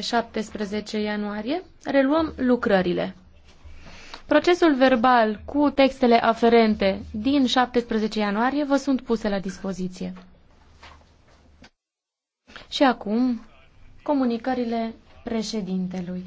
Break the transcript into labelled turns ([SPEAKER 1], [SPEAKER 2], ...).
[SPEAKER 1] 17 ianuarie, reluăm lucrările. Procesul verbal cu textele aferente din 17 ianuarie vă sunt puse la dispoziție. Și acum, comunicările
[SPEAKER 2] președintelui.